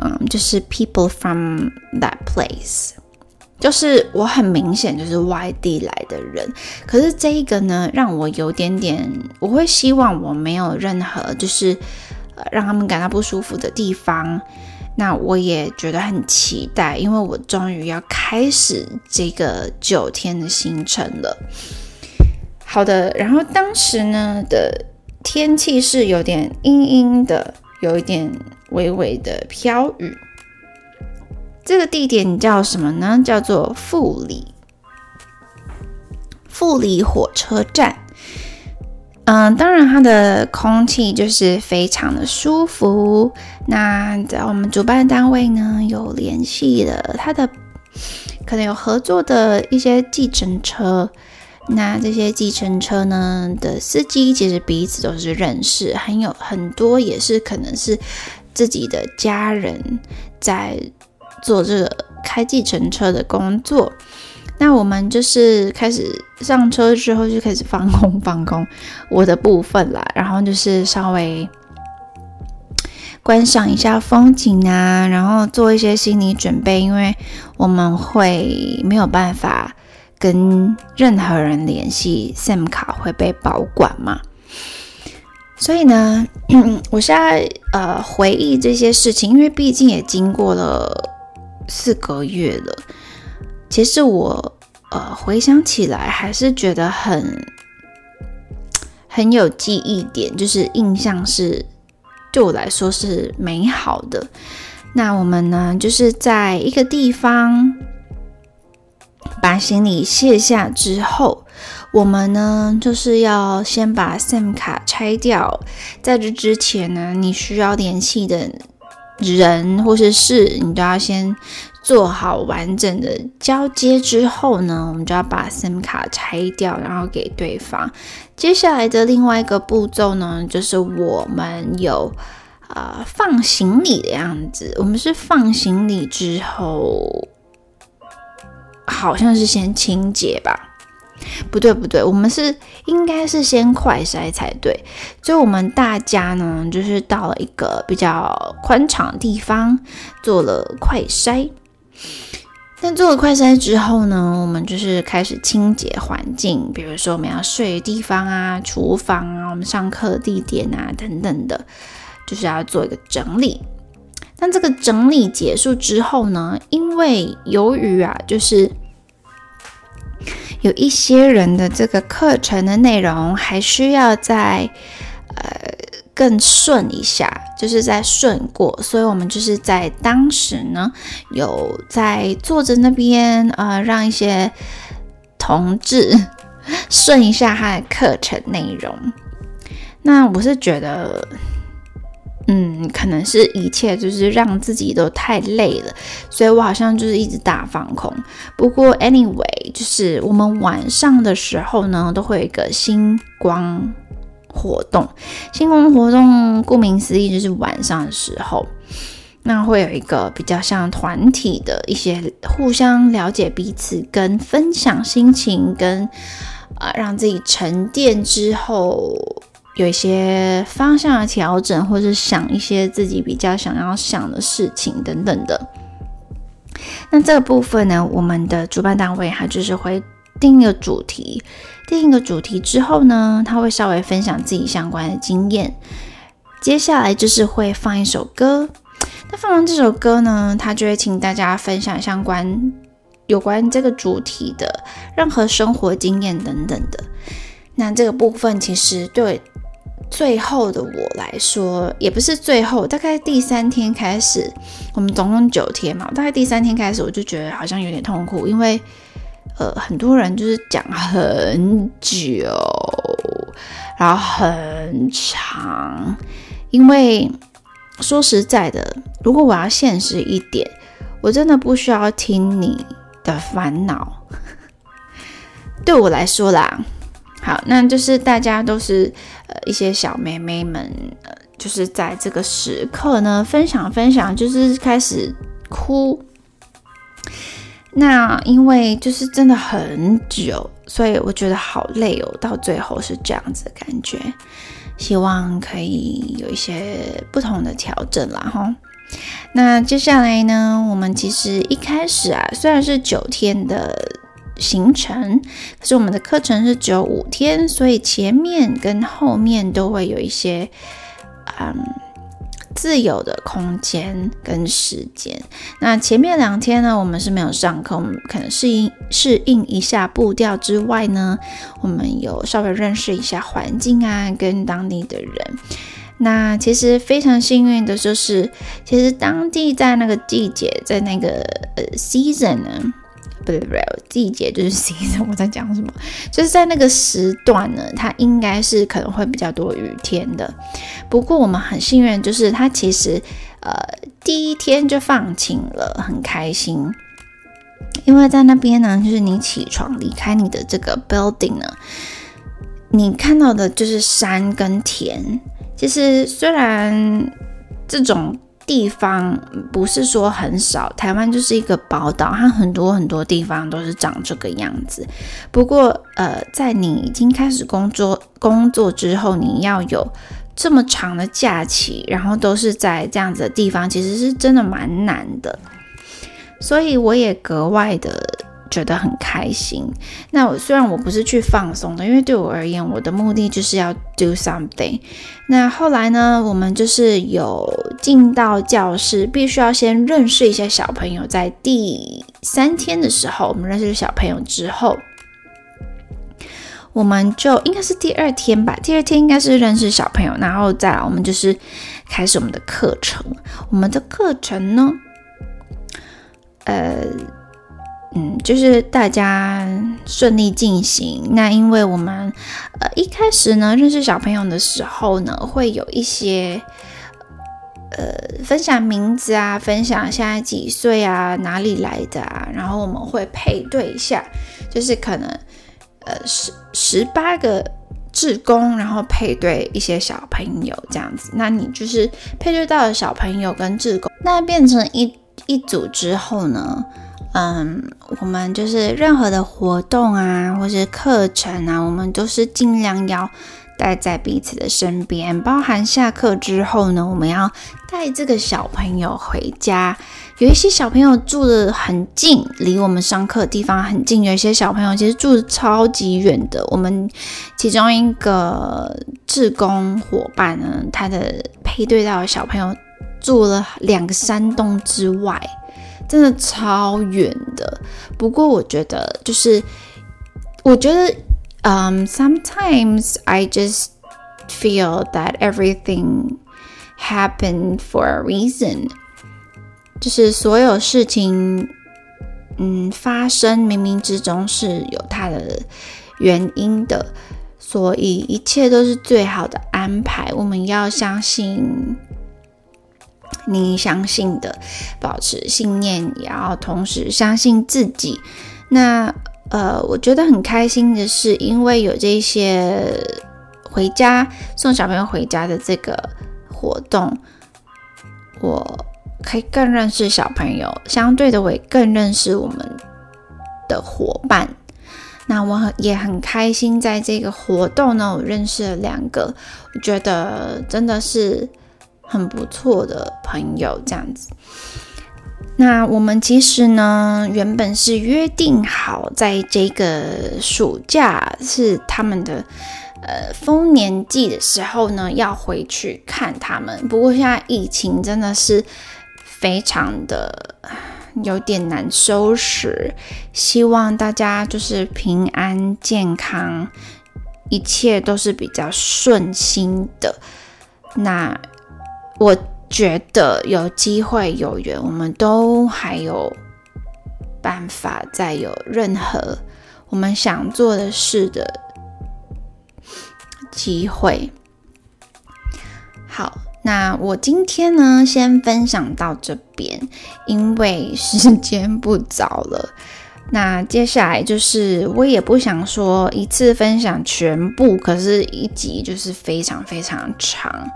Speaker 1: 嗯，就是 people from that place，就是我很明顯就是外地來的人。可是這一個呢，讓我有點點，我會希望我沒有任何就是。讓他們感到不舒服的地方，那我也覺得很期待，因為我終於要開始這個九天的行程了。好的，然後當時呢的天氣是有點陰陰的，有一點微微的飄雨。這個地點叫什麼呢？叫做富里，富里火車站。嗯，當然，它的空氣就是非常的舒服。那在我們主辦單位呢有聯繫了，它的可能有合作的一些計程車。那這些計程車呢的司機，其實彼此都是認識，很有很多也是可能是自己的家人在做這個開計程車的工作。那我們就是開始上車之後就開始放空放空我的部分啦，然後就是稍微觀賞一下風景啊，然後做一些心理準備，因為我們會沒有辦法跟任何人聯繫，SIM 卡會被保管嘛。所以呢，咳咳我現在呃回憶這些事情，因為畢竟也經過了四個月了。其實我，呃，回想起來還是覺得很很有記憶點，就是印象是對我來說是美好的。那我們呢，就是在一個地方把行李卸下之後，我們呢就是要先把 SIM 卡拆掉。在這之前呢，你需要聯繫的人或是事，你都要先。做好完整的交接之後呢，我們就要把 SIM 卡拆掉，然後給對方。接下來的另外一個步驟呢，就是我們有啊、呃、放行李的樣子。我們是放行李之後，好像是先清潔吧？不對，不對，我們是應該是先快篩才對。所以我們大家呢，就是到了一個比較寬敞的地方，做了快篩。但做了快篩之後呢，我們就是開始清潔環境，比如說我們要睡的地方啊、廚房啊、我們上課地點啊等等的，就是要做一個整理。但這個整理結束之後呢，因為由於啊，就是有一些人的這個課程的內容還需要再呃。更順一下，就是在順過，所以我們就是在當時呢，有在坐着那邊，呃，讓一些同志順一下他的課程內容。那我是覺得，嗯，可能是一切就是讓自己都太累了，所以我好像就是一直大放空。不過，anyway，就是我們晚上的時候呢，都會有一個星光。活動，星空活動，顧名思義就是晚上的時候，那會有一個比較像團體的一些互相了解彼此跟分享心情跟，跟、呃、啊讓自己沉澱之後有一些方向的調整，或是想一些自己比較想要想的事情等等的。那這個部分呢，我們的主辦單位還就是會。定一個主題，定一個主題之後呢，他會稍微分享自己相關的經驗。接下來就是會放一首歌，那放完這首歌呢，他就會請大家分享相關、有關這個主題的任何生活經驗等等的。那這個部分其實對最後的我來說，也不是最後，大概第三天開始，我們總共九天嘛，大概第三天開始，我就覺得好像有點痛苦，因為。呃，很多人就是講很久，然後很長，因為說實在的，如果我要現實一點，我真的不需要聽你的煩惱。對我來說啦，好，那就是大家都是，呃，一些小妹妹們，呃，就是在這個時刻呢，分享分享，就是開始哭。那因為就是真的很久，所以我覺得好累哦。到最後是這樣子的感覺，希望可以有一些不同的調整啦哈。那接下來呢，我們其實一開始啊，雖然是九天的行程，可是我們的課程是只有五天，所以前面跟後面都會有一些，嗯。自由的空間跟時間。那前面兩天呢，我們是沒有上課，我們可能適應適應一下步調之外呢，我們有稍微認識一下環境啊，跟當地的人。那其實非常幸運的就是，其實當地在那個季節，在那個呃 season 呢。不不不季節就是 s e 我在講什麼？就是在那個時段呢，它應該是可能會比較多雨天的。不過我們很幸運，就是它其實呃第一天就放晴了，很開心。因為在那邊呢，就是你起床離開你的這個 building 呢，你看到的就是山跟田。其、就、實、是、雖然這種。地方不是說很少，台灣就是一個寶島，它很多很多地方都是長這個樣子。不過，呃，在你已經開始工作工作之後，你要有這麼長的假期，然後都是在這樣子的地方，其實是真的蠻難的。所以，我也格外的。覺得很開心。那我雖然我不是去放鬆的，因為對我而言，我的目的就是要 do something。那後來呢，我們就是有進到教室，必須要先認識一下小朋友。在第三天的時候，我們認識小朋友之後，我們就應該是第二天吧。第二天應該是認識小朋友，然後再來我們就是開始我們的課程。我們的課程呢，呃。嗯，就是大家順利進行。那因為我們，呃，一開始呢，認識小朋友的時候呢，會有一些，呃，分享名字啊，分享現在幾歲啊，哪裡來的啊，然後我們會配對一下，就是可能，呃，十十八個志工，然後配對一些小朋友這樣子。那你就是配對到了小朋友跟志工，那變成一一組之後呢，嗯，我們就是任何的活動啊，或是課程啊，我們都是盡量要待在彼此的身邊。包含下課之後呢，我們要帶這個小朋友回家。有一些小朋友住的很近，離我們上課的地方很近；有一些小朋友其實住得超級遠的。我們其中一個志工夥伴呢，他的配對到的小朋友住了兩三個山洞之外。真的超遠的，不過我覺得就是，我覺得，嗯，um，sometimes I just feel that everything happened for a reason，就是所有事情，嗯，發生冥冥之中是有它的原因的，所以一切都是最好的安排，我們要相信。你相信的，保持信念，也要同時相信自己。那呃，我覺得很開心的是，因為有這些回家送小朋友回家的這個活動，我可以更認識小朋友，相對的，我也更認識我們的夥伴。那我很也很開心，在這個活動呢，我認識了兩個，我覺得真的是。很不錯的朋友，這樣子。那我們其實呢，原本是約定好，在這個暑假是他們的呃豐年季的時候呢，要回去看他們。不過現在疫情真的是非常的有點難收拾，希望大家就是平安健康，一切都是比較順心的。那。我覺得有機會有緣，我們都還有辦法再有任何我們想做的事的機會。好，那我今天呢，先分享到這邊，因為時間不早了。那接下來就是我也不想說一次分享全部，可是一集就是非常非常長。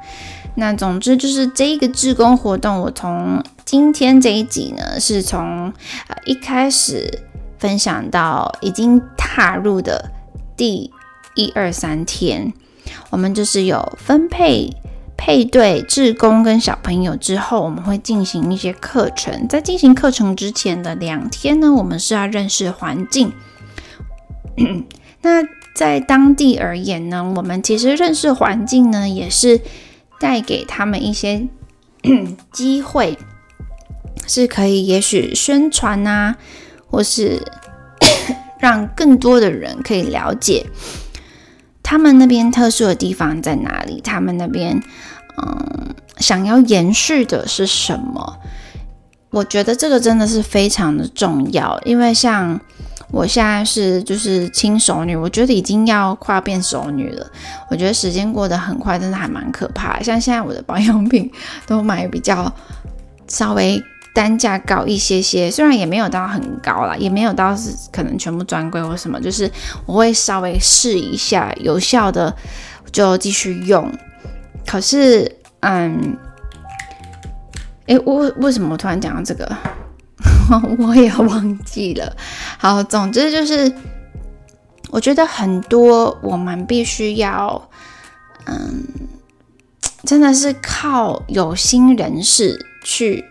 Speaker 1: 那總之就是這一個志工活動，我從今天這一集呢，是從、呃、一開始分享到已經踏入的第一二三天，我們就是有分配配對志工跟小朋友之後，我們會進行一些課程。在進行課程之前的兩天呢，我們是要認識環境。 那在當地而言呢，我們其實認識環境呢，也是。帶給他們一些機會，是可以，也許宣傳啊，或是 讓更多的人可以了解他們那邊特殊的地方在哪裡，他們那邊嗯想要延續的是什麼？我覺得這個真的是非常的重要，因為像。我現在是就是輕熟女，我覺得已經要跨變熟女了。我覺得時間過得很快，真的還蠻可怕的。像現在我的保養品都買比較稍微單價高一些些，雖然也沒有到很高啦，也沒有到是可能全部專櫃或什麼，就是我會稍微試一下有效的就繼續用。可是，嗯，誒、欸，為為什麼我突然講到這個？ 我也忘記了。好，總之就是，我覺得很多我們必須要，嗯，真的是靠有心人士去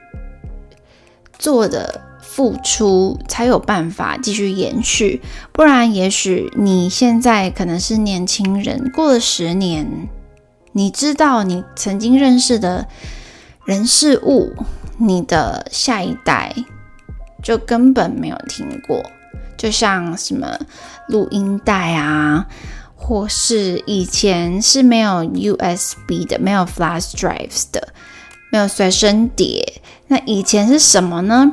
Speaker 1: 做的付出，才有辦法繼續延續。不然，也許你現在可能是年輕人，過了十年，你知道你曾經認識的人事物，你的下一代。就根本沒有聽過，就像什麼錄音帶啊，或是以前是沒有 USB 的，沒有 Flash drives 的，沒有隨身碟。那以前是什麼呢？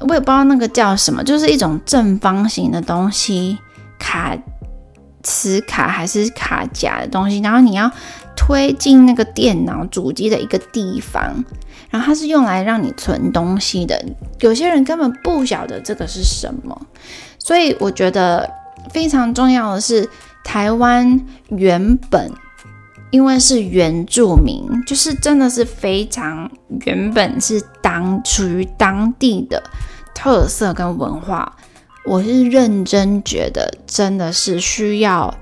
Speaker 1: 我也不知道那個叫什麼，就是一種正方形的東西，卡磁卡還是卡夾的東西，然後你要推進那個電腦主機的一個地方。然後它是用來讓你存東西的，有些人根本不曉得這個是什麼，所以我覺得非常重要的是，台灣原本因為是原住民，就是真的是非常原本是當屬於當地的特色跟文化，我是認真覺得真的是需要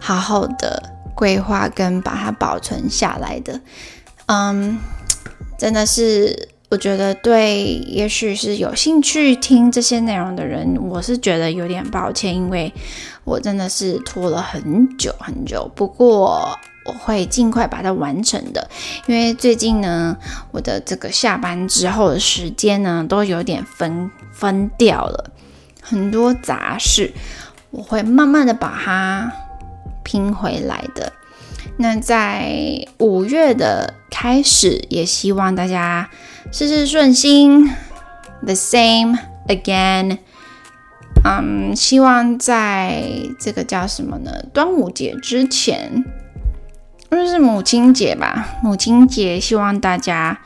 Speaker 1: 好好的規劃跟把它保存下來的。嗯，um, 真的是，我覺得對，也許是有興趣聽這些內容的人，我是覺得有點抱歉，因為我真的是拖了很久很久。不過我會儘快把它完成的，因為最近呢，我的這個下班之後的時間呢，都有點分分掉了，很多雜事，我會慢慢的把它拼回來的。那在五月的。開始也希望大家事事順心，the same again。嗯，希望在這個叫什麼呢？端午節之前，或是母親節吧。母親節，希望大家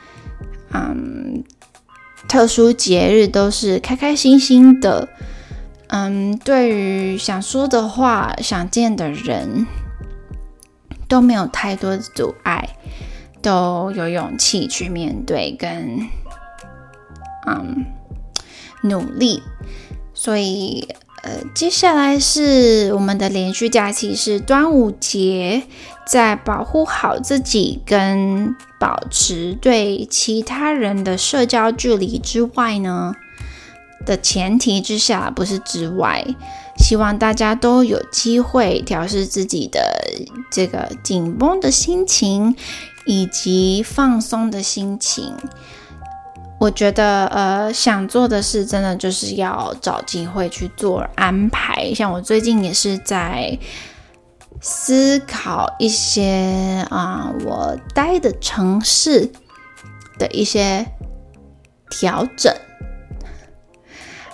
Speaker 1: 嗯，um, 特殊節日都是開開心心的。嗯、um,，對於想說的話、想見的人都沒有太多的阻礙。都有勇氣去面對跟，跟嗯努力，所以呃，接下來是我們的連續假期是端午節，在保護好自己跟保持對其他人的社交距離之外呢的前提之下，不是之外，希望大家都有機會調適自己的這個緊繃的心情。以及放鬆的心情，我覺得，呃，想做的事真的就是要找機會去做安排。像我最近也是在思考一些啊，呃，我待的城市的一些調整。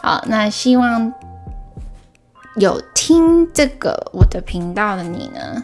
Speaker 1: 好，那希望有聽這個我的頻道的你呢，